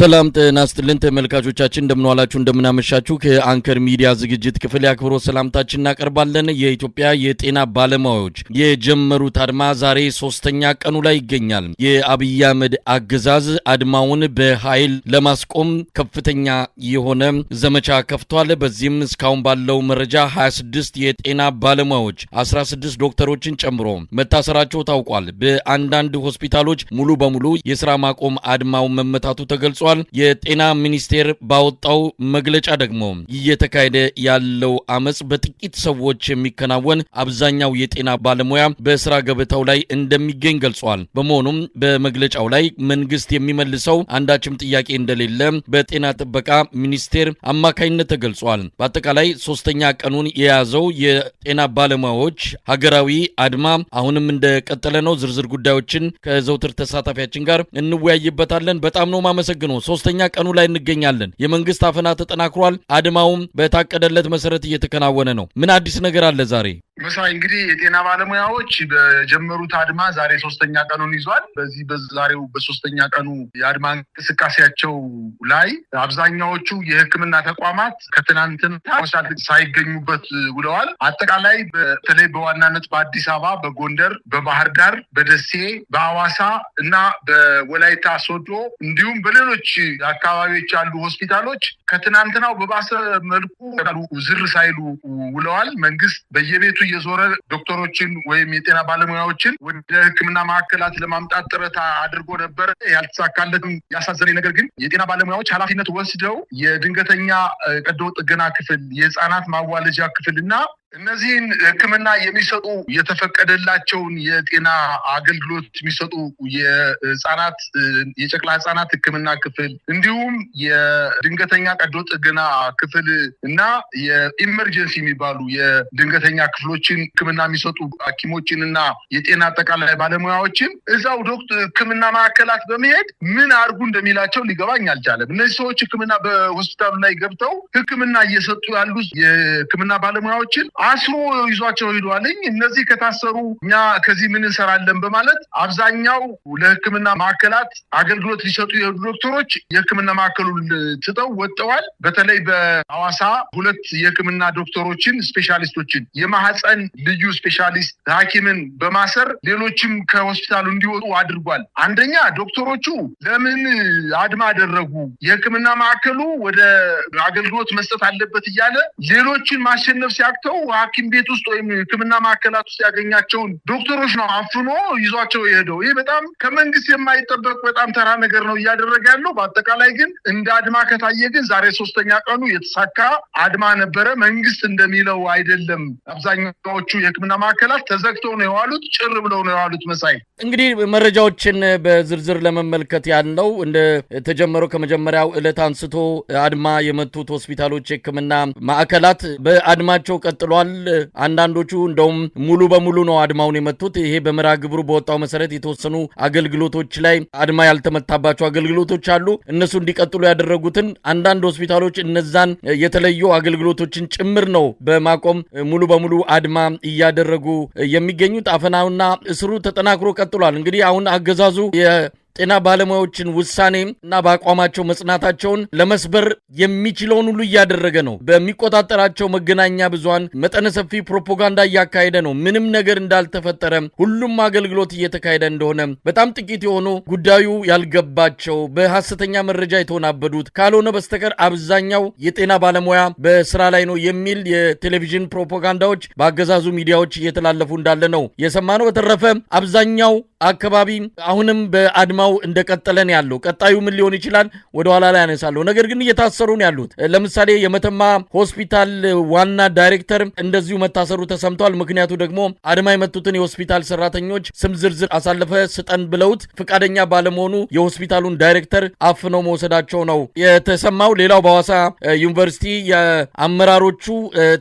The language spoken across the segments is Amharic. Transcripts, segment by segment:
ሰላም ጤና ይስጥልን ተመልካቾቻችን፣ እንደምንዋላችሁ እንደምናመሻችሁ። ከአንከር ሚዲያ ዝግጅት ክፍል የአክብሮት ሰላምታችን እናቀርባለን። የኢትዮጵያ የጤና ባለሙያዎች የጀመሩት አድማ ዛሬ ሶስተኛ ቀኑ ላይ ይገኛል። የአብይ አህመድ አገዛዝ አድማውን በኃይል ለማስቆም ከፍተኛ የሆነ ዘመቻ ከፍቷል። በዚህም እስካሁን ባለው መረጃ 26 የጤና ባለሙያዎች 16 ዶክተሮችን ጨምሮ መታሰራቸው ታውቋል። በአንዳንድ ሆስፒታሎች ሙሉ በሙሉ የስራ ማቆም አድማው መመታቱ ተገልጿል። ተናግረዋል። የጤና ሚኒስቴር ባወጣው መግለጫ ደግሞ እየተካሄደ ያለው አመፅ በጥቂት ሰዎች የሚከናወን አብዛኛው የጤና ባለሙያ በስራ ገበታው ላይ እንደሚገኝ ገልጿል። በመሆኑም በመግለጫው ላይ መንግስት የሚመልሰው አንዳችም ጥያቄ እንደሌለ በጤና ጥበቃ ሚኒስቴር አማካኝነት ተገልጿል። በአጠቃላይ ሶስተኛ ቀኑን የያዘው የጤና ባለሙያዎች ሀገራዊ አድማ አሁንም እንደቀጠለ ነው። ዝርዝር ጉዳዮችን ከዘውትር ተሳታፊያችን ጋር እንወያይበታለን። በጣም ነው ማመሰግነው። ሶስተኛ ቀኑ ላይ እንገኛለን። የመንግስት አፈና ተጠናክሯል። አድማውም በታቀደለት መሰረት እየተከናወነ ነው። ምን አዲስ ነገር አለ ዛሬ? መሳይ እንግዲህ የጤና ባለሙያዎች በጀመሩት አድማ ዛሬ ሶስተኛ ቀኑን ይዟል። በዚህ በዛሬው በሶስተኛ ቀኑ የአድማ እንቅስቃሴያቸው ላይ አብዛኛዎቹ የህክምና ተቋማት ከትናንትና ሳይገኙበት ውለዋል። አጠቃላይ በተለይ በዋናነት በአዲስ አበባ፣ በጎንደር፣ በባህር ዳር፣ በደሴ፣ በአዋሳ እና በወላይታ ሶዶ እንዲሁም በሌሎች አካባቢዎች ያሉ ሆስፒታሎች ከትናንትናው በባሰ መልኩ ዝር ሳይሉ ውለዋል። መንግስት በየቤቱ እየዞረ ዶክተሮችን ወይም የጤና ባለሙያዎችን ወደ ሕክምና ማዕከላት ለማምጣት ጥረት አድርጎ ነበረ። ያልተሳካለትም ያሳዘነኝ ነገር ግን የጤና ባለሙያዎች ኃላፊነት ወስደው የድንገተኛ ቀዶ ጥገና ክፍል፣ የህፃናት ማዋለጃ ክፍል እና እነዚህን ሕክምና የሚሰጡ የተፈቀደላቸውን የጤና አገልግሎት የሚሰጡ የህጻናት የጨቅላ ህጻናት ሕክምና ክፍል እንዲሁም የድንገተኛ ቀዶ ጥገና ክፍል እና የኢመርጀንሲ የሚባሉ የድንገተኛ ክፍሎችን ሕክምና የሚሰጡ ሐኪሞችን እና የጤና አጠቃላይ ባለሙያዎችን እዛው ዶክት ሕክምና ማዕከላት በመሄድ ምን አድርጉ እንደሚላቸው ሊገባኝ አልቻለም። እነዚህ ሰዎች ሕክምና በሆስፒታሉ ላይ ገብተው ሕክምና እየሰጡ ያሉ የሕክምና ባለሙያዎችን አስሮ ይዟቸው ሂዷልኝ። እነዚህ ከታሰሩ እኛ ከዚህ ምን እንሰራለን በማለት አብዛኛው ለሕክምና ማዕከላት አገልግሎት ሊሰጡ የሄዱ ዶክተሮች የሕክምና ማዕከሉን ትተው ወጥተዋል። በተለይ በሐዋሳ ሁለት የሕክምና ዶክተሮችን ስፔሻሊስቶችን የማህፀን ልዩ ስፔሻሊስት ሐኪምን በማሰር ሌሎችም ከሆስፒታሉ እንዲወጡ አድርጓል። አንደኛ ዶክተሮቹ ለምን አድማ አደረጉ? የሕክምና ማዕከሉ ወደ አገልግሎት መስጠት አለበት እያለ ሌሎችን ማሸነፍ ሲያቅተው ሐኪም ቤት ውስጥ ወይም ሕክምና ማዕከላት ውስጥ ያገኛቸውን ዶክተሮች ነው አፍኖ ይዟቸው የሄደው። ይህ በጣም ከመንግስት የማይጠበቅ በጣም ተራ ነገር ነው እያደረገ ያለው። በአጠቃላይ ግን እንደ አድማ ከታየ ግን ዛሬ ሶስተኛ ቀኑ የተሳካ አድማ ነበረ። መንግስት እንደሚለው አይደለም። አብዛኛዎቹ የሕክምና ማዕከላት ተዘግተው ነው የዋሉት፣ ጭር ብለው ነው የዋሉት። መሳይ እንግዲህ መረጃዎችን በዝርዝር ለመመልከት ያልነው እንደ ተጀመረው ከመጀመሪያው እለት አንስቶ አድማ የመቱት ሆስፒታሎች የሕክምና ማዕከላት በአድማቸው ቀጥሏል። ተቃውመዋል። አንዳንዶቹ እንደውም ሙሉ በሙሉ ነው አድማውን የመቱት። ይሄ በመርሃ ግብሩ በወጣው መሰረት የተወሰኑ አገልግሎቶች ላይ አድማ ያልተመታባቸው አገልግሎቶች አሉ። እነሱ እንዲቀጥሉ ያደረጉትን አንዳንድ ሆስፒታሎች እነዛን የተለዩ አገልግሎቶችን ጭምር ነው በማቆም ሙሉ በሙሉ አድማ እያደረጉ የሚገኙት። አፈናውና እስሩ ተጠናክሮ ቀጥሏል። እንግዲህ አሁን አገዛዙ ጤና ባለሙያዎችን ውሳኔ እና በአቋማቸው መጽናታቸውን ለመስበር የሚችለውን ሁሉ እያደረገ ነው። በሚቆጣጠራቸው መገናኛ ብዙሃን መጠነ ሰፊ ፕሮፓጋንዳ እያካሄደ ነው። ምንም ነገር እንዳልተፈጠረ ሁሉም አገልግሎት እየተካሄደ እንደሆነ በጣም ጥቂት የሆኑ ጉዳዩ ያልገባቸው በሐሰተኛ መረጃ የተወናበዱት ካልሆነ በስተቀር አብዛኛው የጤና ባለሙያ በስራ ላይ ነው የሚል የቴሌቪዥን ፕሮፓጋንዳዎች በአገዛዙ ሚዲያዎች እየተላለፉ እንዳለ ነው የሰማነው። በተረፈ አብዛኛው አካባቢ አሁንም በአድማ ድራማው እንደቀጠለን ያለው ቀጣዩ ምን ሊሆን ይችላል ወደኋላ ላይ ያነሳለሁ። ነገር ግን እየታሰሩ ነው ያሉት። ለምሳሌ የመተማ ሆስፒታል ዋና ዳይሬክተር እንደዚሁ መታሰሩ ተሰምተዋል። ምክንያቱ ደግሞ አድማ የመቱትን የሆስፒታል ሰራተኞች ስም ዝርዝር አሳልፈ ስጠን ብለውት ፈቃደኛ ባለመሆኑ የሆስፒታሉን ዳይሬክተር አፍነው መውሰዳቸው ነው የተሰማው። ሌላው በሐዋሳ ዩኒቨርሲቲ የአመራሮቹ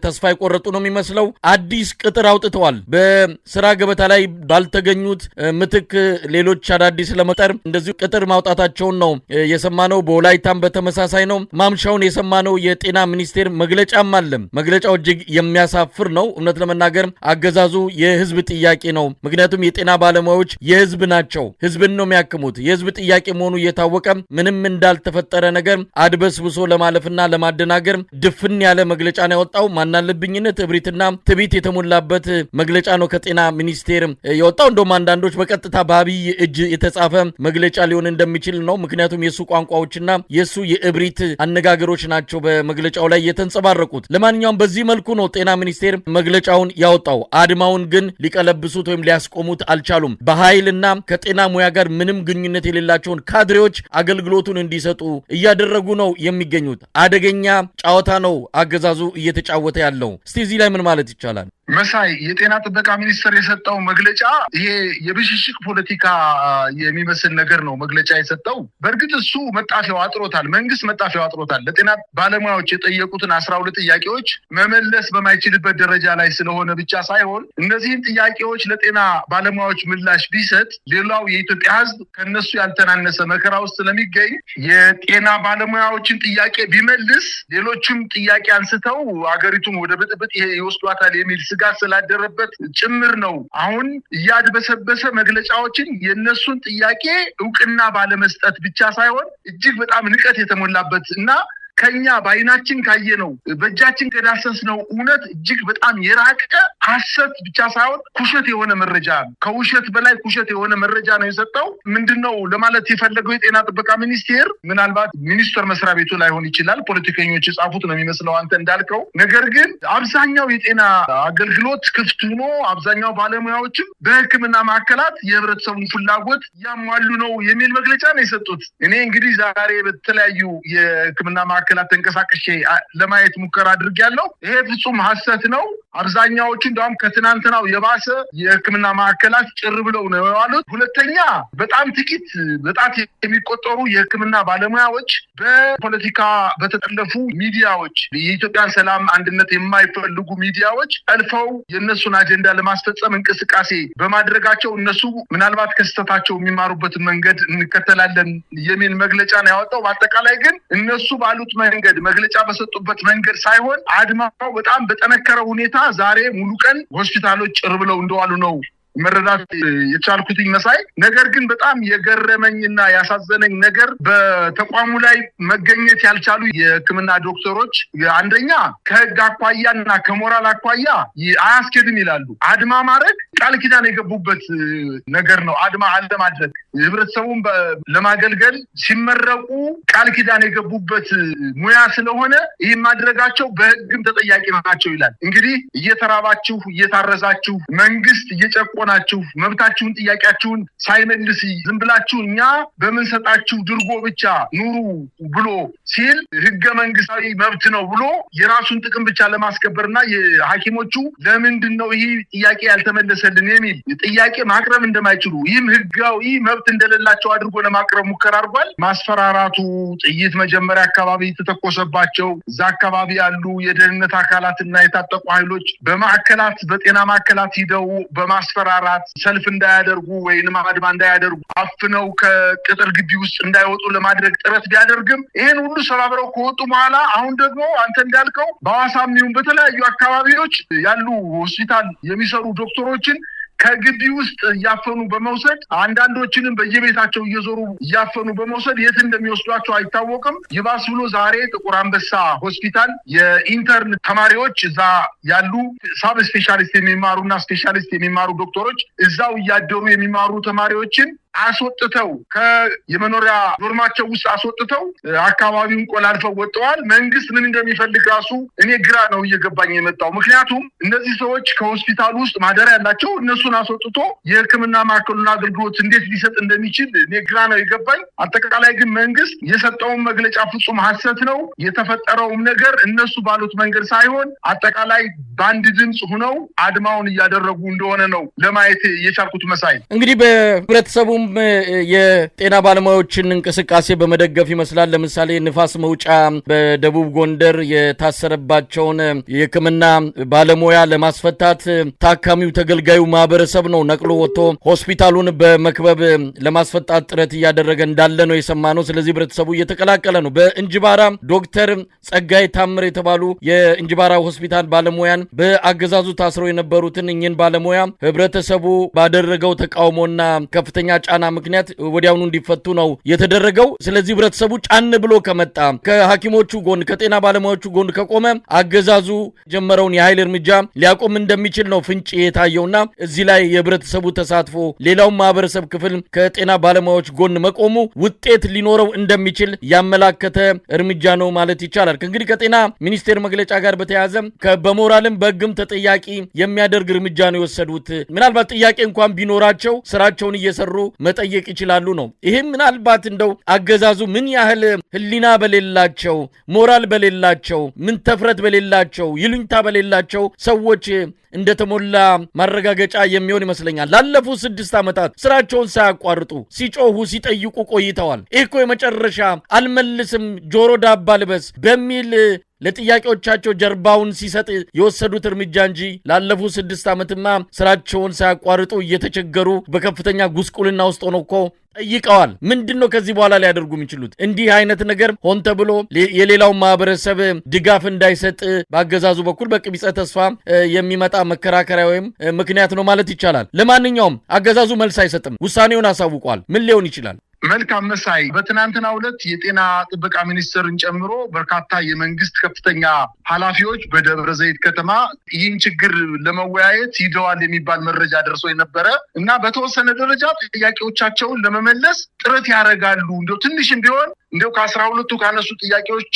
ተስፋ የቆረጡ ነው የሚመስለው። አዲስ ቅጥር አውጥተዋል። በስራ ገበታ ላይ ባልተገኙት ምትክ ሌሎች አዳዲስ ለመጠር ጋር እንደዚሁ ቅጥር ማውጣታቸውን ነው የሰማነው። በወላይታም በተመሳሳይ ነው ማምሻውን የሰማነው። የጤና ሚኒስቴር መግለጫም አለም። መግለጫው እጅግ የሚያሳፍር ነው። እውነት ለመናገር አገዛዙ የህዝብ ጥያቄ ነው። ምክንያቱም የጤና ባለሙያዎች የህዝብ ናቸው። ህዝብን ነው የሚያክሙት። የህዝብ ጥያቄ መሆኑ እየታወቀ ምንም እንዳልተፈጠረ ነገር አድበስብሶ ለማለፍና ለማደናገር ድፍን ያለ መግለጫ ነው ያወጣው። ማናለብኝነት፣ እብሪትና ትቢት የተሞላበት መግለጫ ነው ከጤና ሚኒስቴር የወጣው። እንደውም አንዳንዶች በቀጥታ በአብይ እጅ የተጻፈ መግለጫ ሊሆን እንደሚችል ነው። ምክንያቱም የእሱ ቋንቋዎችና የእሱ የእብሪት አነጋገሮች ናቸው በመግለጫው ላይ የተንጸባረቁት። ለማንኛውም በዚህ መልኩ ነው ጤና ሚኒስቴር መግለጫውን ያወጣው። አድማውን ግን ሊቀለብሱት ወይም ሊያስቆሙት አልቻሉም። በኃይልና ከጤና ሙያ ጋር ምንም ግንኙነት የሌላቸውን ካድሬዎች አገልግሎቱን እንዲሰጡ እያደረጉ ነው የሚገኙት። አደገኛ ጨዋታ ነው አገዛዙ እየተጫወተ ያለው። እስቲ እዚህ ላይ ምን ማለት ይቻላል? መሳይ የጤና ጥበቃ ሚኒስቴር የሰጠው መግለጫ ይሄ የብሽሽቅ ፖለቲካ የሚመስል ነገር ነው። መግለጫ የሰጠው በእርግጥ እሱ መጣፊያው አጥሮታል፣ መንግስት መጣፊያው አጥሮታል። ለጤና ባለሙያዎች የጠየቁትን አስራ ሁለት ጥያቄዎች መመለስ በማይችልበት ደረጃ ላይ ስለሆነ ብቻ ሳይሆን እነዚህን ጥያቄዎች ለጤና ባለሙያዎች ምላሽ ቢሰጥ ሌላው የኢትዮጵያ ህዝብ ከነሱ ያልተናነሰ መከራ ውስጥ ስለሚገኝ የጤና ባለሙያዎችን ጥያቄ ቢመልስ ሌሎችም ጥያቄ አንስተው አገሪቱን ወደ ብጥብጥ ይወስዷታል የሚል ስጋት ስላደረበት ጭምር ነው። አሁን እያድበሰበሰ መግለጫዎችን የእነሱን ጥያቄ እውቅና ባለመስጠት ብቻ ሳይሆን እጅግ በጣም ንቀት የተሞላበት እና ከኛ በአይናችን ካየነው በእጃችን ከዳሰስ ነው እውነት እጅግ በጣም የራቀ አሰት ብቻ ሳይሆን ኩሸት የሆነ መረጃ ከውሸት በላይ ኩሸት የሆነ መረጃ ነው የሰጠው። ምንድን ነው ለማለት የፈለገው የጤና ጥበቃ ሚኒስቴር ምናልባት ሚኒስቴር መስሪያ ቤቱ ላይሆን ይችላል፣ ፖለቲከኞች የጻፉት ነው የሚመስለው አንተ እንዳልከው። ነገር ግን አብዛኛው የጤና አገልግሎት ክፍት ሆኖ አብዛኛው ባለሙያዎችም በህክምና ማዕከላት የህብረተሰቡን ፍላጎት እያሟሉ ነው የሚል መግለጫ ነው የሰጡት። እኔ እንግዲህ ዛሬ በተለያዩ የህክምና ማዕከል ማዕከላት ተንቀሳቀሼ ለማየት ሙከራ አድርጌያለሁ። ይሄ ፍጹም ሀሰት ነው። አብዛኛዎቹ እንዲሁም ከትናንትናው የባሰ የሕክምና ማዕከላት ጭር ብለው ነው የዋሉት። ሁለተኛ በጣም ጥቂት በጣት የሚቆጠሩ የሕክምና ባለሙያዎች በፖለቲካ በተጠለፉ ሚዲያዎች የኢትዮጵያን ሰላም አንድነት የማይፈልጉ ሚዲያዎች ጠልፈው የእነሱን አጀንዳ ለማስፈጸም እንቅስቃሴ በማድረጋቸው እነሱ ምናልባት ከስተታቸው የሚማሩበትን መንገድ እንከተላለን የሚል መግለጫ ነው ያወጣው። በአጠቃላይ ግን እነሱ ባሉት መንገድ መግለጫ በሰጡበት መንገድ ሳይሆን አድማው በጣም በጠነከረ ሁኔታ ዛሬ ሙሉ ቀን ሆስፒታሎች ጭር ብለው እንደዋሉ ነው መረዳት የቻልኩትኝ መሳይ። ነገር ግን በጣም የገረመኝና ያሳዘነኝ ነገር በተቋሙ ላይ መገኘት ያልቻሉ የህክምና ዶክተሮች አንደኛ ከህግ አኳያ እና ከሞራል አኳያ አያስኬድም ይላሉ። አድማ ማድረግ ቃል ኪዳን የገቡበት ነገር ነው። አድማ አለማድረግ ህብረተሰቡን ለማገልገል ሲመረቁ ቃል ኪዳን የገቡበት ሙያ ስለሆነ ይህም ማድረጋቸው በህግም ተጠያቂ ናቸው ይላል። እንግዲህ እየተራባችሁ እየታረዛችሁ መንግስት እየጨቁ ጨቆናችሁ መብታችሁን ጥያቄያችሁን ሳይመልስ ዝም ብላችሁ እኛ በምንሰጣችሁ ድርጎ ብቻ ኑሩ ብሎ ሲል ህገ መንግስታዊ መብት ነው ብሎ የራሱን ጥቅም ብቻ ለማስከበርና የሀኪሞቹ ለምንድን ነው ይህ ጥያቄ ያልተመለሰልን የሚል ጥያቄ ማቅረብ እንደማይችሉ ይህም ህጋዊ መብት እንደሌላቸው አድርጎ ለማቅረብ ሙከራ አድርጓል። ማስፈራራቱ ጥይት መጀመሪያ አካባቢ የተተኮሰባቸው እዛ አካባቢ ያሉ የደህንነት አካላትና የታጠቁ ኃይሎች በማዕከላት በጤና ማዕከላት ሂደው በማስፈራ ለማስፈራራት ሰልፍ እንዳያደርጉ ወይንም አድማ እንዳያደርጉ አፍነው ከቅጥር ግቢ ውስጥ እንዳይወጡ ለማድረግ ጥረት ቢያደርግም ይህን ሁሉ ሰባብረው ከወጡ በኋላ አሁን ደግሞ አንተ እንዳልከው በሐዋሳም ይሁን በተለያዩ አካባቢዎች ያሉ ሆስፒታል የሚሰሩ ዶክተሮችን ከግቢ ውስጥ እያፈኑ በመውሰድ አንዳንዶችንም በየቤታቸው እየዞሩ እያፈኑ በመውሰድ የት እንደሚወስዷቸው አይታወቅም። ይባስ ብሎ ዛሬ ጥቁር አንበሳ ሆስፒታል የኢንተርን ተማሪዎች እዛ ያሉ ሳብ ስፔሻሊስት የሚማሩ እና ስፔሻሊስት የሚማሩ ዶክተሮች እዛው እያደሩ የሚማሩ ተማሪዎችን አስወጥተው ከየመኖሪያ ዶርማቸው ውስጥ አስወጥተው አካባቢውን ቆላልፈው ወጥተዋል። መንግስት ምን እንደሚፈልግ ራሱ እኔ ግራ ነው እየገባኝ የመጣው። ምክንያቱም እነዚህ ሰዎች ከሆስፒታል ውስጥ ማደሪያ ያላቸው እነሱን አስወጥቶ የሕክምና ማዕከሉን አገልግሎት እንዴት ሊሰጥ እንደሚችል እኔ ግራ ነው የገባኝ። አጠቃላይ ግን መንግስት የሰጠውን መግለጫ ፍጹም ሐሰት ነው። የተፈጠረውም ነገር እነሱ ባሉት መንገድ ሳይሆን አጠቃላይ በአንድ ድምፅ ሁነው አድማውን እያደረጉ እንደሆነ ነው ለማየት የቻልኩት። መሳይ እንግዲህ በህብረተሰቡ እንደውም የጤና ባለሙያዎችን እንቅስቃሴ በመደገፍ ይመስላል። ለምሳሌ ንፋስ መውጫ በደቡብ ጎንደር የታሰረባቸውን የሕክምና ባለሙያ ለማስፈታት ታካሚው ተገልጋዩ ማህበረሰብ ነው ነቅሎ ወጥቶ ሆስፒታሉን በመክበብ ለማስፈጣት ጥረት እያደረገ እንዳለ ነው የሰማነው። ስለዚህ ህብረተሰቡ እየተቀላቀለ ነው። በእንጅባራ ዶክተር ጸጋይ ታምር የተባሉ የእንጅባራ ሆስፒታል ባለሙያን በአገዛዙ ታስረው የነበሩትን እኝን ባለሙያ ህብረተሰቡ ባደረገው ተቃውሞና ከፍተኛ ጫና ምክንያት ወዲያውኑ እንዲፈቱ ነው የተደረገው። ስለዚህ ህብረተሰቡ ጫን ብሎ ከመጣ ከሐኪሞቹ ጎን ከጤና ባለሙያዎቹ ጎን ከቆመ አገዛዙ ጀመረውን የኃይል እርምጃ ሊያቆም እንደሚችል ነው ፍንጭ የታየውና እዚህ ላይ የህብረተሰቡ ተሳትፎ ሌላውን ማህበረሰብ ክፍል ከጤና ባለሙያዎች ጎን መቆሙ ውጤት ሊኖረው እንደሚችል ያመላከተ እርምጃ ነው ማለት ይቻላል። ከእንግዲህ ከጤና ሚኒስቴር መግለጫ ጋር በተያያዘ በሞራልም በህግም ተጠያቂ የሚያደርግ እርምጃ ነው የወሰዱት። ምናልባት ጥያቄ እንኳን ቢኖራቸው ስራቸውን እየሰሩ መጠየቅ ይችላሉ ነው። ይህም ምናልባት እንደው አገዛዙ ምን ያህል ህሊና በሌላቸው፣ ሞራል በሌላቸው፣ ተፍረት በሌላቸው፣ ይሉኝታ በሌላቸው ሰዎች እንደተሞላ ማረጋገጫ የሚሆን ይመስለኛል። ላለፉት ስድስት ዓመታት ስራቸውን ሳያቋርጡ ሲጮሁ ሲጠይቁ ቆይተዋል። ይህ እኮ የመጨረሻ አልመልስም፣ ጆሮ ዳባ ልበስ በሚል ለጥያቄዎቻቸው ጀርባውን ሲሰጥ የወሰዱት እርምጃ እንጂ ላለፉት ስድስት ዓመትማ ስራቸውን ሳያቋርጡ እየተቸገሩ በከፍተኛ ጉስቁልና ውስጥ ሆነው እኮ ጠይቀዋል። ምንድን ነው ከዚህ በኋላ ሊያደርጉ የሚችሉት? እንዲህ አይነት ነገር ሆን ተብሎ የሌላውን ማህበረሰብ ድጋፍ እንዳይሰጥ በአገዛዙ በኩል በቅቢጸ ተስፋ የሚመጣ መከራከሪያ ወይም ምክንያት ነው ማለት ይቻላል። ለማንኛውም አገዛዙ መልስ አይሰጥም፣ ውሳኔውን አሳውቋል። ምን ሊሆን ይችላል? መልካም መሳይ በትናንትና ሁለት የጤና ጥበቃ ሚኒስትርን ጨምሮ በርካታ የመንግስት ከፍተኛ ኃላፊዎች በደብረ ዘይት ከተማ ይህን ችግር ለመወያየት ሂደዋል የሚባል መረጃ ደርሶ የነበረ እና በተወሰነ ደረጃ ጥያቄዎቻቸውን ለመመለስ ጥረት ያደርጋሉ እንደ ትንሽም ቢሆን እንዲው ከአስራ ሁለቱ ካነሱ ጥያቄዎች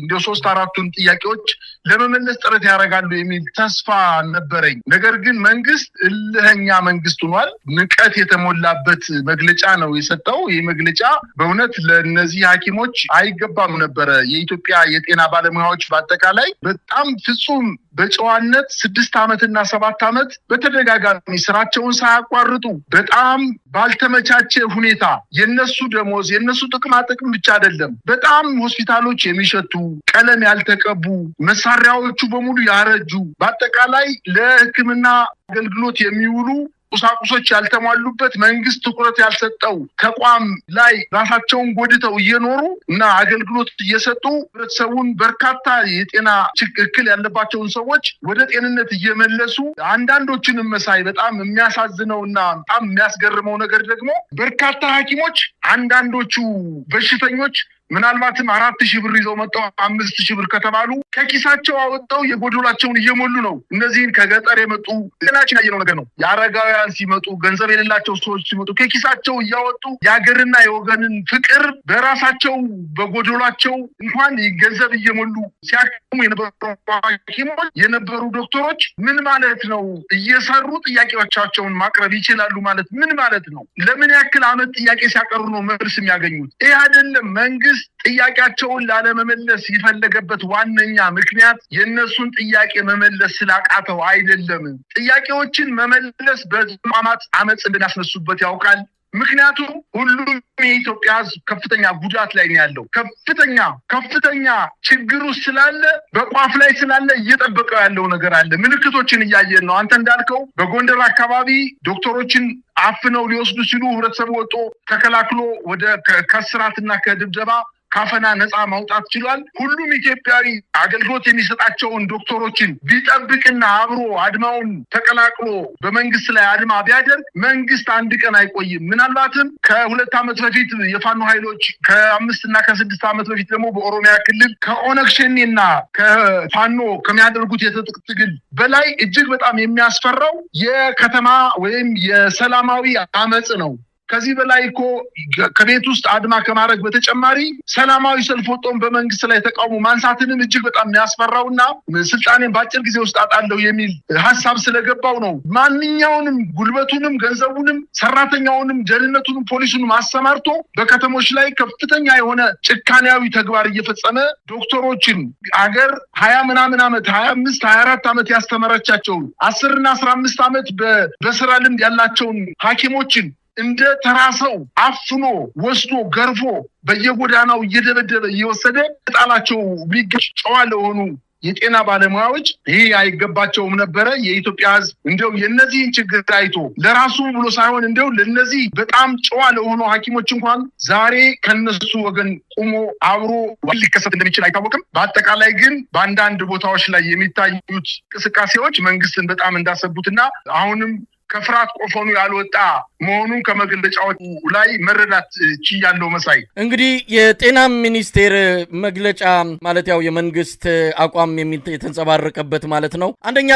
እንዲ ሶስት አራቱን ጥያቄዎች ለመመለስ ጥረት ያደርጋሉ የሚል ተስፋ ነበረኝ። ነገር ግን መንግስት እልህኛ መንግስት ሆኗል። ንቀት የተሞላበት መግለጫ ነው የሰጠው። ይህ መግለጫ በእውነት ለእነዚህ ሀኪሞች አይገባም ነበረ። የኢትዮጵያ የጤና ባለሙያዎች በአጠቃላይ በጣም ፍጹም በጨዋነት ስድስት ዓመትና ሰባት ዓመት በተደጋጋሚ ስራቸውን ሳያቋርጡ በጣም ባልተመቻቸ ሁኔታ የነሱ ደሞዝ የነሱ ጥቅማ ጥቅም ብቻ አይደለም፣ በጣም ሆስፒታሎች የሚሸቱ ቀለም ያልተቀቡ መሳሪያዎቹ በሙሉ ያረጁ፣ በአጠቃላይ ለሕክምና አገልግሎት የሚውሉ ቁሳቁሶች ያልተሟሉበት መንግስት ትኩረት ያልሰጠው ተቋም ላይ ራሳቸውን ጎድተው እየኖሩ እና አገልግሎት እየሰጡ ህብረተሰቡን በርካታ የጤና ችክክል ያለባቸውን ሰዎች ወደ ጤንነት እየመለሱ አንዳንዶችንም መሳይ በጣም የሚያሳዝነው እና በጣም የሚያስገርመው ነገር ደግሞ በርካታ ሐኪሞች አንዳንዶቹ በሽተኞች ምናልባትም አራት ሺህ ብር ይዘው መጠው አምስት ሺህ ብር ከተባሉ ከኪሳቸው አወጣው የጎደላቸውን እየሞሉ ነው። እነዚህን ከገጠር የመጡ ጤናችን ያየነው ነገር ነው። የአረጋውያን ሲመጡ፣ ገንዘብ የሌላቸው ሰዎች ሲመጡ ከኪሳቸው እያወጡ የሀገርና የወገንን ፍቅር በራሳቸው በጎደሏቸው እንኳን ገንዘብ እየሞሉ ሲያክሙ የነበሩ ሐኪሞች የነበሩ ዶክተሮች ምን ማለት ነው? እየሰሩ ጥያቄዎቻቸውን ማቅረብ ይችላሉ ማለት ምን ማለት ነው? ለምን ያክል አመት ጥያቄ ሲያቀሩ ነው መልስ የሚያገኙት? ይህ አይደለም መንግስት ጥያቄያቸውን ላለመመለስ የፈለገበት ዋነኛ ምክንያት የእነሱን ጥያቄ መመለስ ስላቃተው አይደለም። ጥያቄዎችን መመለስ በማማት አመፅ እንድናስነሱበት ያውቃል። ምክንያቱም ሁሉም የኢትዮጵያ ህዝብ ከፍተኛ ጉዳት ላይ ነው ያለው። ከፍተኛ ከፍተኛ ችግሩ ስላለ በቋፍ ላይ ስላለ እየጠበቀው ያለው ነገር አለ። ምልክቶችን እያየን ነው። አንተ እንዳልከው በጎንደር አካባቢ ዶክተሮችን አፍነው ሊወስዱ ሲሉ ህብረተሰቡ ወጦ ተከላክሎ ወደ ከስራትና ከድብደባ ካፈና ነፃ ማውጣት ችሏል። ሁሉም ኢትዮጵያዊ አገልግሎት የሚሰጣቸውን ዶክተሮችን ቢጠብቅና አብሮ አድማውን ተቀላቅሎ በመንግስት ላይ አድማ ቢያደርግ መንግስት አንድ ቀን አይቆይም። ምናልባትም ከሁለት ዓመት በፊት የፋኖ ኃይሎች ከአምስት እና ከስድስት ዓመት በፊት ደግሞ በኦሮሚያ ክልል ከኦነግ እና ከፋኖ ከሚያደርጉት የትጥቅ ትግል በላይ እጅግ በጣም የሚያስፈራው የከተማ ወይም የሰላማዊ አመፅ ነው። ከዚህ በላይ እኮ ከቤት ውስጥ አድማ ከማድረግ በተጨማሪ ሰላማዊ ሰልፍ ወጥቶን በመንግስት ላይ ተቃውሞ ማንሳትንም እጅግ በጣም የሚያስፈራውና ስልጣኔን በአጭር ጊዜ ውስጥ አጣለው የሚል ሀሳብ ስለገባው ነው። ማንኛውንም ጉልበቱንም፣ ገንዘቡንም፣ ሰራተኛውንም፣ ደህንነቱንም፣ ፖሊሱንም አሰማርቶ በከተሞች ላይ ከፍተኛ የሆነ ጭካኔያዊ ተግባር እየፈጸመ ዶክተሮችን አገር ሀያ ምናምን ዓመት ሀያ አምስት ሀያ አራት ዓመት ያስተመረቻቸውን አስርና አስራ አምስት ዓመት በስራ ልምድ ያላቸውን ሐኪሞችን እንደ ተራ ሰው አፍኖ ወስዶ ገርፎ በየጎዳናው እየደበደበ እየወሰደ ጣላቸው ቢገጭ ጨዋ ለሆኑ የጤና ባለሙያዎች ይሄ አይገባቸውም ነበረ። የኢትዮጵያ ሕዝብ እንደው የነዚህን ችግር አይቶ ለራሱ ብሎ ሳይሆን እንደው ለነዚህ በጣም ጨዋ ለሆኑ ሐኪሞች እንኳን ዛሬ ከነሱ ወገን ቆሞ አብሮ ሊከሰት እንደሚችል አይታወቅም። በአጠቃላይ ግን በአንዳንድ ቦታዎች ላይ የሚታዩት እንቅስቃሴዎች መንግስትን በጣም እንዳሰቡትና አሁንም ከፍርሃት ቆፈኑ ያልወጣ መሆኑን ከመግለጫዎቹ ላይ መረዳት ችያለሁ። መሳይ እንግዲህ የጤና ሚኒስቴር መግለጫ ማለት ያው የመንግስት አቋም የተንጸባረቀበት ማለት ነው። አንደኛ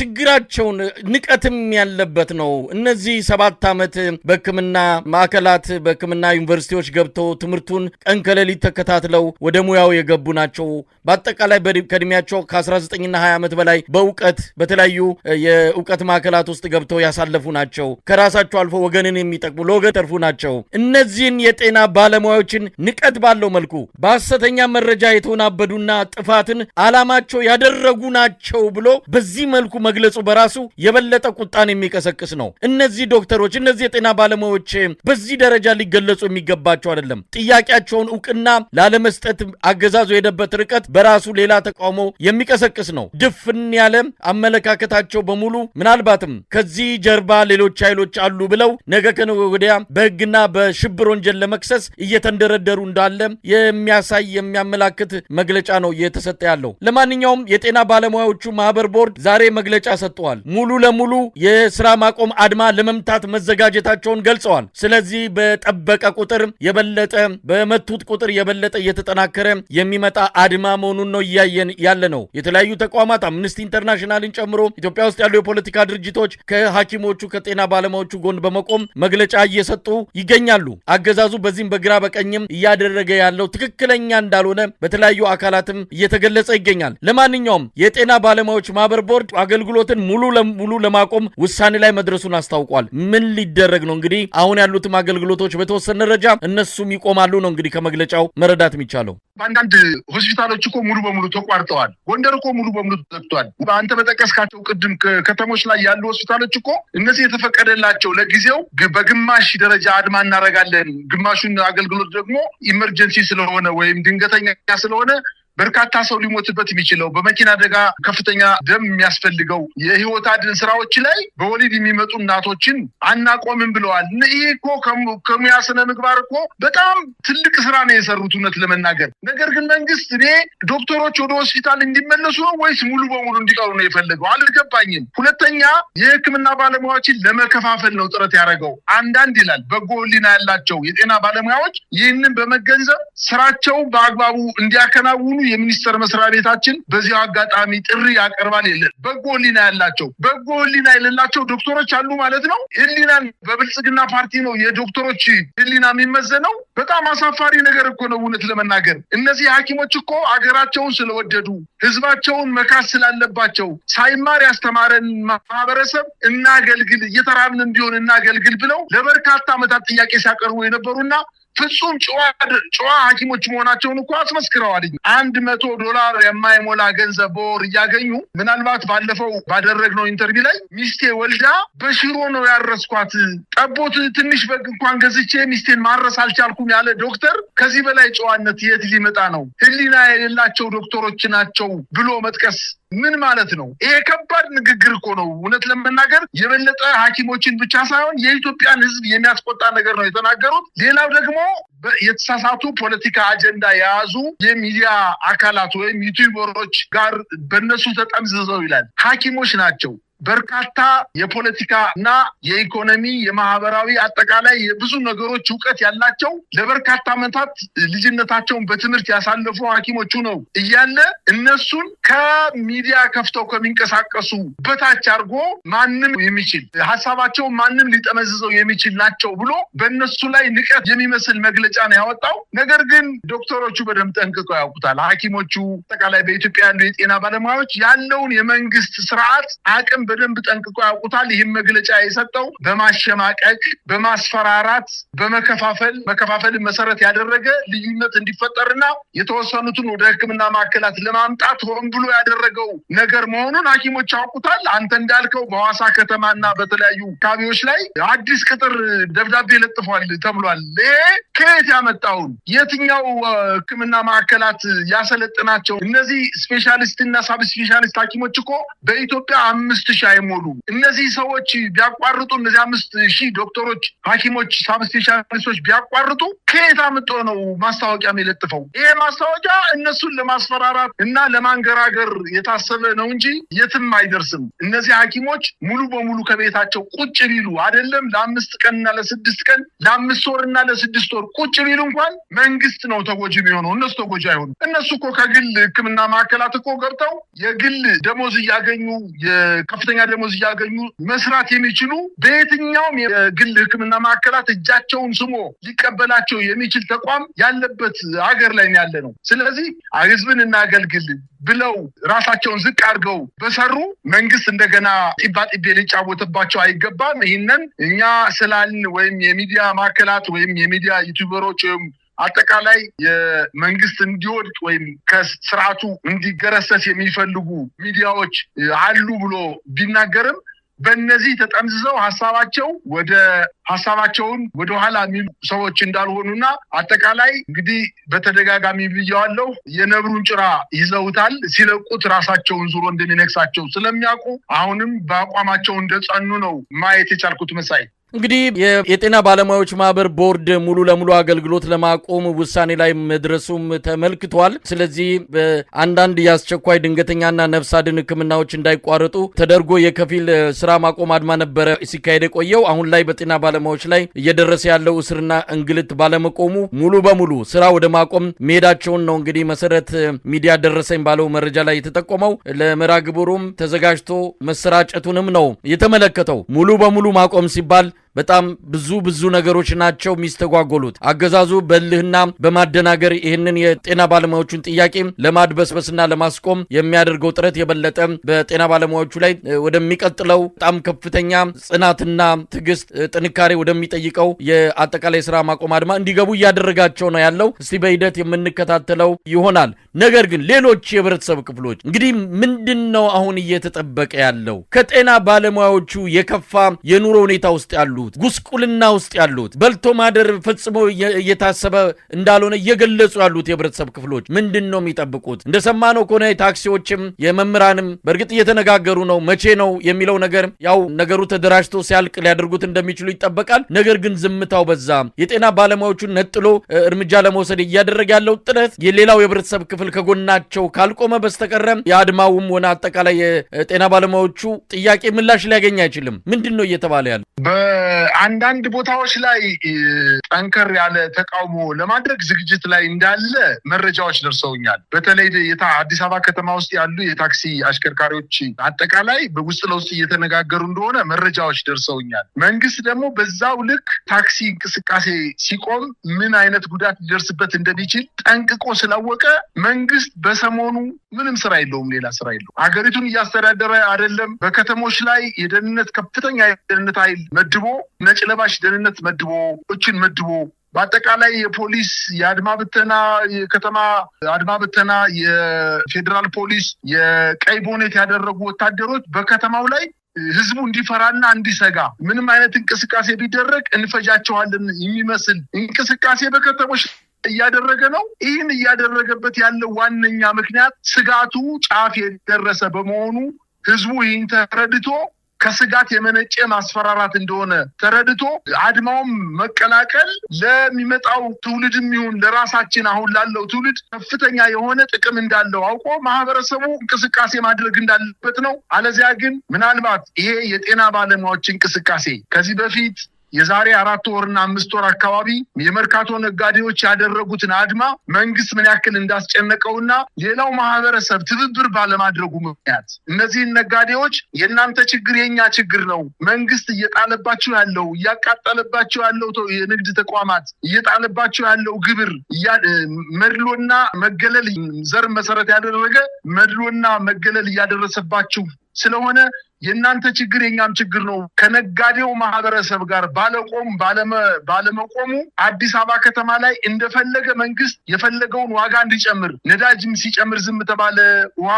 ችግራቸውን ንቀትም ያለበት ነው። እነዚህ ሰባት ዓመት በህክምና ማዕከላት በህክምና ዩኒቨርሲቲዎች ገብተው ትምህርቱን ቀን ከሌሊት ተከታትለው ወደ ሙያው የገቡ ናቸው። በአጠቃላይ ከእድሜያቸው ከ19ና 20 ዓመት በላይ በእውቀት በተለያዩ የእውቀት ማዕከላት ውስጥ ገብተው ያሳለፉ ናቸው። ከራሳቸው አልፎ ወገንን የሚጠቅሙ ለወገን ተርፉ ናቸው። እነዚህን የጤና ባለሙያዎችን ንቀት ባለው መልኩ በሐሰተኛ መረጃ የተወናበዱና ጥፋትን ዓላማቸው ያደረጉ ናቸው ብሎ በዚህ መልኩ መግለጹ በራሱ የበለጠ ቁጣን የሚቀሰቅስ ነው። እነዚህ ዶክተሮች፣ እነዚህ የጤና ባለሙያዎች በዚህ ደረጃ ሊገለጹ የሚገባቸው አይደለም። ጥያቄያቸውን እውቅና ላለመስጠት አገዛዙ የሄደበት ርቀት በራሱ ሌላ ተቃውሞ የሚቀሰቅስ ነው። ድፍን ያለ አመለካከታቸው በሙሉ ምናልባትም ከዚህ ጀርባ ሌሎች ኃይሎች አሉ ብለው ነገ ከነገ በህግና በሽብር ወንጀል ለመክሰስ እየተንደረደሩ እንዳለ የሚያሳይ የሚያመላክት መግለጫ ነው እየተሰጠ ያለው። ለማንኛውም የጤና ባለሙያዎቹ ማህበር ቦርድ ዛሬ መግለጫ ሰጥተዋል። ሙሉ ለሙሉ የስራ ማቆም አድማ ለመምታት መዘጋጀታቸውን ገልጸዋል። ስለዚህ በጠበቀ ቁጥር የበለጠ በመቱት ቁጥር የበለጠ እየተጠናከረ የሚመጣ አድማ መሆኑን ነው እያየን ያለ ነው። የተለያዩ ተቋማት አምነስቲ ኢንተርናሽናልን ጨምሮ ኢትዮጵያ ውስጥ ያሉ የፖለቲካ ድርጅቶች ከሐኪሞቹ ከጤና ባለሙያዎቹ ጎን በመ ለማቆም መግለጫ እየሰጡ ይገኛሉ። አገዛዙ በዚህም በግራ በቀኝም እያደረገ ያለው ትክክለኛ እንዳልሆነ በተለያዩ አካላትም እየተገለጸ ይገኛል። ለማንኛውም የጤና ባለሙያዎች ማህበር ቦርድ አገልግሎትን ሙሉ ለሙሉ ለማቆም ውሳኔ ላይ መድረሱን አስታውቋል። ምን ሊደረግ ነው እንግዲህ አሁን ያሉትም አገልግሎቶች በተወሰነ ደረጃ እነሱም ይቆማሉ ነው እንግዲህ ከመግለጫው መረዳት የሚቻለው። በአንዳንድ ሆስፒታሎች እኮ ሙሉ በሙሉ ተቋርጠዋል። ጎንደር እኮ ሙሉ በሙሉ ተዘግቷል። አንተ በጠቀስካቸው ቅድም ከተሞች ላይ ያሉ ሆስፒታሎች እኮ እነዚህ የተፈቀደላቸው ለጊዜው ናቸው። በግማሽ ደረጃ አድማ እናደርጋለን፣ ግማሹን አገልግሎት ደግሞ ኢመርጀንሲ ስለሆነ ወይም ድንገተኛ ስለሆነ በርካታ ሰው ሊሞትበት የሚችለው በመኪና አደጋ ከፍተኛ ደም የሚያስፈልገው የህይወት አድን ስራዎች ላይ በወሊድ የሚመጡ እናቶችን አናቆምም ብለዋል። ይህ እኮ ከሙያ ስነ ምግባር እኮ በጣም ትልቅ ስራ ነው የሰሩት እውነት ለመናገር ነገር ግን መንግስት እኔ ዶክተሮች ወደ ሆስፒታል እንዲመለሱ ነው ወይስ ሙሉ በሙሉ እንዲቀሩ ነው የፈለገው? አልገባኝም። ሁለተኛ የህክምና ባለሙያዎችን ለመከፋፈል ነው ጥረት ያደረገው። አንዳንድ ይላል በጎ ህሊና ያላቸው የጤና ባለሙያዎች ይህንን በመገንዘብ ስራቸው በአግባቡ እንዲያከናውኑ የሚኒስቴር መስሪያ ቤታችን በዚህ አጋጣሚ ጥሪ ያቀርባል። የለን በጎ ህሊና ያላቸው በጎ ህሊና የሌላቸው ዶክተሮች አሉ ማለት ነው። ህሊናን በብልጽግና ፓርቲ ነው የዶክተሮች ህሊና የሚመዘነው። በጣም አሳፋሪ ነገር እኮ ነው እውነት ለመናገር እነዚህ ሐኪሞች እኮ አገራቸውን ስለወደዱ ህዝባቸውን መካስ ስላለባቸው ሳይማር ያስተማረን ማህበረሰብ እናገልግል፣ እየተራብን ቢሆን እናገልግል ብለው ለበርካታ ዓመታት ጥያቄ ሲያቀርቡ የነበሩና ፍጹም ጨዋ ሐኪሞች መሆናቸውን እኮ አስመስክረዋል። አንድ መቶ ዶላር የማይሞላ ገንዘብ በወር እያገኙ ምናልባት ባለፈው ባደረግነው ኢንተርቪው ላይ ሚስቴ ወልዳ በሽሮ ነው ያረስኳት፣ ጠቦት ትንሽ በግ እንኳን ገዝቼ ሚስቴን ማረስ አልቻልኩም ያለ ዶክተር ከዚህ በላይ ጨዋነት የት ሊመጣ ነው? ህሊና የሌላቸው ዶክተሮች ናቸው ብሎ መጥቀስ ምን ማለት ነው? ይሄ ከባድ ንግግር እኮ ነው። እውነት ለመናገር የበለጠ ሐኪሞችን ብቻ ሳይሆን የኢትዮጵያን ሕዝብ የሚያስቆጣ ነገር ነው የተናገሩት። ሌላው ደግሞ የተሳሳቱ ፖለቲካ አጀንዳ የያዙ የሚዲያ አካላት ወይም ዩቲዩበሮች ጋር በእነሱ ተጠምዝዘው ይላል። ሐኪሞች ናቸው በርካታ የፖለቲካ እና የኢኮኖሚ የማህበራዊ አጠቃላይ የብዙ ነገሮች እውቀት ያላቸው ለበርካታ ዓመታት ልጅነታቸውን በትምህርት ያሳለፉ ሐኪሞቹ ነው እያለ እነሱን ከሚዲያ ከፍተው ከሚንቀሳቀሱ በታች አድርጎ ማንም የሚችል ሀሳባቸው ማንም ሊጠመዝዘው የሚችል ናቸው ብሎ በእነሱ ላይ ንቀት የሚመስል መግለጫ ነው ያወጣው። ነገር ግን ዶክተሮቹ በደንብ ጠንቅቀው ያውቁታል። ሐኪሞቹ አጠቃላይ በኢትዮጵያ ያሉ የጤና ባለሙያዎች ያለውን የመንግስት ስርዓት አቅም በደንብ ጠንቅቆ ያውቁታል። ይህም መግለጫ የሰጠው በማሸማቀቅ በማስፈራራት፣ በመከፋፈል መከፋፈልን መሰረት ያደረገ ልዩነት እንዲፈጠርና የተወሰኑትን ወደ ሕክምና ማዕከላት ለማምጣት ሆን ብሎ ያደረገው ነገር መሆኑን ሐኪሞች ያውቁታል። አንተ እንዳልከው በሐዋሳ ከተማና በተለያዩ አካባቢዎች ላይ አዲስ ቅጥር ደብዳቤ ለጥፏል ተብሏል። ይሄ ከየት ያመጣውን የትኛው ሕክምና ማዕከላት ያሰለጥናቸው እነዚህ ስፔሻሊስትና ሳብስፔሻሊስት ሐኪሞች እኮ በኢትዮጵያ አምስት ሺህ አይሞሉም። እነዚህ ሰዎች ቢያቋርጡ እነዚህ አምስት ሺህ ዶክተሮች፣ ሐኪሞች፣ ሳብስፔሻሊስቶች ቢያቋርጡ ከየት አምጦ ነው ማስታወቂያ የሚለጥፈው ይሄ ማስታወቂያ እነሱን ለማስፈራራት እና ለማንገራገር የታሰበ ነው እንጂ የትም አይደርስም። እነዚህ ሐኪሞች ሙሉ በሙሉ ከቤታቸው ቁጭ ቢሉ አይደለም ለአምስት ቀንና ለስድስት ቀን ለአምስት እና ለስድስት ወር ቁጭ ቢሉ እንኳን መንግስት ነው ተጎጂ የሚሆነው፣ እነሱ ተጎጂ አይሆኑም። እነሱ እኮ ከግል ሕክምና ማዕከላት እኮ ገብተው የግል ደሞዝ እያገኙ የከፍ ከፍተኛ ደሞዝ እያገኙ መስራት የሚችሉ በየትኛውም የግል ሕክምና ማዕከላት እጃቸውን ስሞ ሊቀበላቸው የሚችል ተቋም ያለበት ሀገር ላይ ያለ ነው። ስለዚህ ህዝብን እናገልግል ብለው ራሳቸውን ዝቅ አድርገው በሰሩ መንግስት እንደገና ጢቤ ሊጫወትባቸው አይገባም። ይህንን እኛ ስላልን ወይም የሚዲያ ማዕከላት ወይም የሚዲያ ዩቱበሮች ወይም አጠቃላይ የመንግስት እንዲወድቅ ወይም ከስርዓቱ እንዲገረሰስ የሚፈልጉ ሚዲያዎች አሉ ብሎ ቢናገርም በእነዚህ ተጠምዝዘው ሀሳባቸው ወደ ሀሳባቸውን ወደኋላ የሚሉ ሰዎች እንዳልሆኑና አጠቃላይ እንግዲህ በተደጋጋሚ ብያዋለሁ የነብሩን ጭራ ይዘውታል። ሲለቁት ራሳቸውን ዙሮ እንደሚነክሳቸው ስለሚያውቁ አሁንም በአቋማቸው እንደጸኑ ነው ማየት የቻልኩት መሳይ እንግዲህ የጤና ባለሙያዎች ማህበር ቦርድ ሙሉ ለሙሉ አገልግሎት ለማቆም ውሳኔ ላይ መድረሱም ተመልክቷል። ስለዚህ አንዳንድ የአስቸኳይ ድንገተኛና ነፍስ አድን ሕክምናዎች እንዳይቋረጡ ተደርጎ የከፊል ስራ ማቆም አድማ ነበረ ሲካሄድ የቆየው። አሁን ላይ በጤና ባለሙያዎች ላይ እየደረሰ ያለው እስርና እንግልት ባለመቆሙ ሙሉ በሙሉ ስራ ወደ ማቆም መሄዳቸውን ነው እንግዲህ መሰረት ሚዲያ ደረሰኝ ባለው መረጃ ላይ የተጠቆመው። ለመርሃ ተዘጋጅቶ መሰራጨቱንም ነው የተመለከተው። ሙሉ በሙሉ ማቆም ሲባል በጣም ብዙ ብዙ ነገሮች ናቸው የሚስተጓጎሉት። አገዛዙ በልህና በማደናገር ይህንን የጤና ባለሙያዎቹን ጥያቄ ለማድበስበስና ለማስቆም የሚያደርገው ጥረት የበለጠ በጤና ባለሙያዎቹ ላይ ወደሚቀጥለው በጣም ከፍተኛ ጽናትና ትዕግስት፣ ጥንካሬ ወደሚጠይቀው የአጠቃላይ ስራ ማቆም አድማ እንዲገቡ እያደረጋቸው ነው ያለው። እስቲ በሂደት የምንከታተለው ይሆናል። ነገር ግን ሌሎች የህብረተሰብ ክፍሎች እንግዲህ ምንድን ነው አሁን እየተጠበቀ ያለው ከጤና ባለሙያዎቹ የከፋ የኑሮ ሁኔታ ውስጥ ያሉ ያሉት፣ ጉስቁልና ውስጥ ያሉት፣ በልቶ ማደር ፈጽሞ እየታሰበ እንዳልሆነ እየገለጹ ያሉት የህብረተሰብ ክፍሎች ምንድን ነው የሚጠብቁት? እንደሰማነው ከሆነ የታክሲዎችም የመምህራንም በእርግጥ እየተነጋገሩ ነው። መቼ ነው የሚለው ነገር ያው ነገሩ ተደራጅቶ ሲያልቅ ሊያደርጉት እንደሚችሉ ይጠበቃል። ነገር ግን ዝምታው በዛ። የጤና ባለሙያዎቹን ነጥሎ እርምጃ ለመውሰድ እያደረገ ያለው ጥረት የሌላው የህብረተሰብ ክፍል ከጎናቸው ካልቆመ በስተቀረ የአድማውም ሆነ አጠቃላይ የጤና ባለሙያዎቹ ጥያቄ ምላሽ ሊያገኝ አይችልም። ምንድን ነው እየተባለ ያለ አንዳንድ ቦታዎች ላይ ጠንከር ያለ ተቃውሞ ለማድረግ ዝግጅት ላይ እንዳለ መረጃዎች ደርሰውኛል። በተለይ አዲስ አበባ ከተማ ውስጥ ያሉ የታክሲ አሽከርካሪዎች አጠቃላይ በውስጥ ለውስጥ እየተነጋገሩ እንደሆነ መረጃዎች ደርሰውኛል። መንግስት ደግሞ በዛው ልክ ታክሲ እንቅስቃሴ ሲቆም ምን አይነት ጉዳት ሊደርስበት እንደሚችል ጠንቅቆ ስላወቀ መንግስት በሰሞኑ ምንም ስራ የለውም፣ ሌላ ስራ የለውም። አገሪቱን እያስተዳደረ አይደለም። በከተሞች ላይ የደህንነት ከፍተኛ የደህንነት ኃይል መድቦ ነጭ ለባሽ ደህንነት መድቦ እችን መድቦ በአጠቃላይ የፖሊስ የአድማ ብተና የከተማ አድማ ብተና የፌዴራል ፖሊስ የቀይ ቦኔት ያደረጉ ወታደሮች በከተማው ላይ ህዝቡ እንዲፈራና እንዲሰጋ ምንም አይነት እንቅስቃሴ ቢደረግ እንፈጃቸዋለን የሚመስል እንቅስቃሴ በከተሞች እያደረገ ነው። ይህን እያደረገበት ያለው ዋነኛ ምክንያት ስጋቱ ጫፍ የደረሰ በመሆኑ ህዝቡ ይህን ተረድቶ ከስጋት የመነጨ ማስፈራራት እንደሆነ ተረድቶ አድማውም መቀላቀል ለሚመጣው ትውልድ የሚሆን ለራሳችን አሁን ላለው ትውልድ ከፍተኛ የሆነ ጥቅም እንዳለው አውቆ ማህበረሰቡ እንቅስቃሴ ማድረግ እንዳለበት ነው። አለዚያ ግን ምናልባት ይሄ የጤና ባለሙያዎች እንቅስቃሴ ከዚህ በፊት የዛሬ አራት ወርና አምስት ወር አካባቢ የመርካቶ ነጋዴዎች ያደረጉትን አድማ መንግስት ምን ያክል እንዳስጨነቀውና ሌላው ማህበረሰብ ትብብር ባለማድረጉ ምክንያት እነዚህን ነጋዴዎች የእናንተ ችግር የኛ ችግር ነው፣ መንግስት እየጣለባቸው ያለው እያቃጠለባቸው ያለው የንግድ ተቋማት እየጣለባቸው ያለው ግብር መድሎና መገለል ዘር መሰረት ያደረገ መድሎና መገለል እያደረሰባችሁ ስለሆነ የእናንተ ችግር የኛም ችግር ነው። ከነጋዴው ማህበረሰብ ጋር ባለቆም ባለመቆሙ አዲስ አበባ ከተማ ላይ እንደፈለገ መንግስት የፈለገውን ዋጋ እንዲጨምር ነዳጅም ሲጨምር ዝም ተባለ። ውሃ፣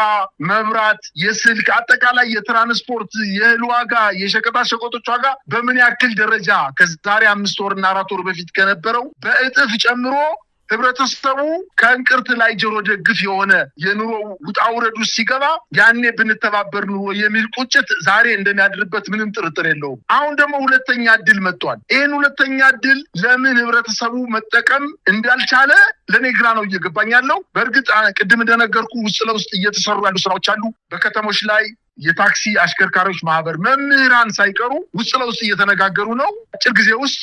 መብራት፣ የስልክ፣ አጠቃላይ የትራንስፖርት፣ የእህል ዋጋ፣ የሸቀጣ ሸቀጦች ዋጋ በምን ያክል ደረጃ ከዛሬ አምስት ወርና አራት ወር በፊት ከነበረው በእጥፍ ጨምሮ ህብረተሰቡ ከእንቅርት ላይ ጆሮ ደግፍ የሆነ የኑሮ ውጣውረዱ ሲገባ ያኔ ብንተባበር ኑሮ የሚል ቁጭት ዛሬ እንደሚያድርበት ምንም ጥርጥር የለውም። አሁን ደግሞ ሁለተኛ እድል መጥቷል። ይህን ሁለተኛ እድል ለምን ህብረተሰቡ መጠቀም እንዳልቻለ ለእኔ ግራ ነው እየገባኝ ያለው። በእርግጥ ቅድም እንደነገርኩ ውስጥ ለውስጥ እየተሰሩ ያሉ ስራዎች አሉ በከተሞች ላይ የታክሲ አሽከርካሪዎች ማህበር መምህራን ሳይቀሩ ውስጥ ለውስጥ እየተነጋገሩ ነው። አጭር ጊዜ ውስጥ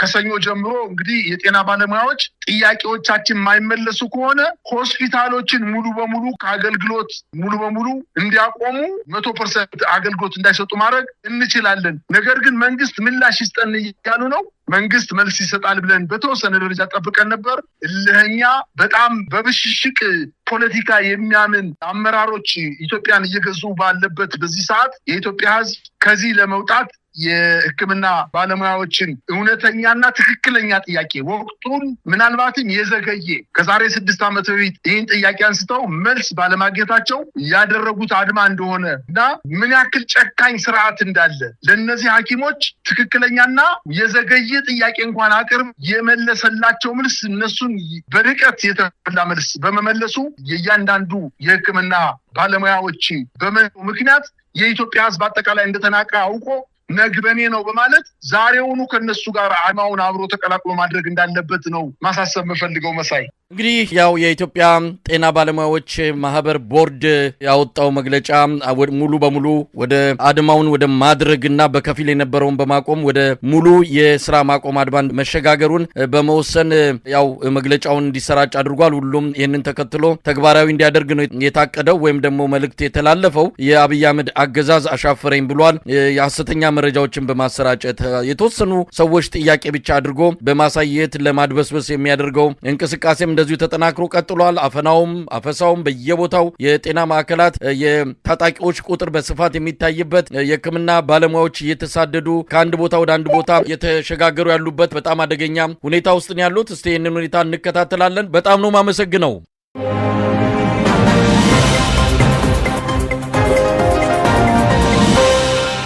ከሰኞ ጀምሮ እንግዲህ የጤና ባለሙያዎች ጥያቄዎቻችን የማይመለሱ ከሆነ ሆስፒታሎችን ሙሉ በሙሉ ከአገልግሎት ሙሉ በሙሉ እንዲያቆሙ መቶ ፐርሰንት አገልግሎት እንዳይሰጡ ማድረግ እንችላለን። ነገር ግን መንግስት ምላሽ ይስጠን እያሉ ነው። መንግስት መልስ ይሰጣል ብለን በተወሰነ ደረጃ ጠብቀን ነበር። እልህኛ በጣም በብሽሽቅ ፖለቲካ የሚያምን አመራሮች ኢትዮጵያን እየገዙ ባለበት በዚህ ሰዓት የኢትዮጵያ ህዝብ ከዚህ ለመውጣት የሕክምና ባለሙያዎችን እውነተኛና ትክክለኛ ጥያቄ ወቅቱን ምናልባትም የዘገየ ከዛሬ ስድስት ዓመት በፊት ይህን ጥያቄ አንስተው መልስ ባለማግኘታቸው ያደረጉት አድማ እንደሆነ እና ምን ያክል ጨካኝ ስርዓት እንዳለ ለእነዚህ ሐኪሞች ትክክለኛና የዘገየ ጥያቄ እንኳን አቅርብ የመለሰላቸው መልስ እነሱን በርቀት የተላ መልስ በመመለሱ የእያንዳንዱ የሕክምና ባለሙያዎች በመ ምክንያት የኢትዮጵያ ህዝብ አጠቃላይ እንደተናቀ አውቆ ነግበኔ ነው በማለት ዛሬውኑ ከነሱ ጋር አማውን አብሮ ተቀላቅሎ ማድረግ እንዳለበት ነው ማሳሰብ የምፈልገው መሳይ እንግዲህ ያው የኢትዮጵያ ጤና ባለሙያዎች ማህበር ቦርድ ያወጣው መግለጫ ሙሉ በሙሉ ወደ አድማውን ወደ ማድረግና በከፊል የነበረውን በማቆም ወደ ሙሉ የስራ ማቆም አድማን መሸጋገሩን በመወሰን ያው መግለጫውን እንዲሰራጭ አድርጓል። ሁሉም ይህንን ተከትሎ ተግባራዊ እንዲያደርግ ነው የታቀደው ወይም ደግሞ መልእክት የተላለፈው። የአብይ አህመድ አገዛዝ አሻፈረኝ ብሏል። የሀሰተኛ መረጃዎችን በማሰራጨት የተወሰኑ ሰዎች ጥያቄ ብቻ አድርጎ በማሳየት ለማድበስበስ የሚያደርገው እንቅስቃሴም እንደዚሁ ተጠናክሮ ቀጥሏል። አፈናውም አፈሳውም በየቦታው የጤና ማዕከላት የታጣቂዎች ቁጥር በስፋት የሚታይበት የሕክምና ባለሙያዎች እየተሳደዱ ከአንድ ቦታ ወደ አንድ ቦታ የተሸጋገሩ ያሉበት በጣም አደገኛ ሁኔታ ውስጥ ያሉት። እስቲ ይህንን ሁኔታ እንከታተላለን። በጣም ነው የማመሰግነው።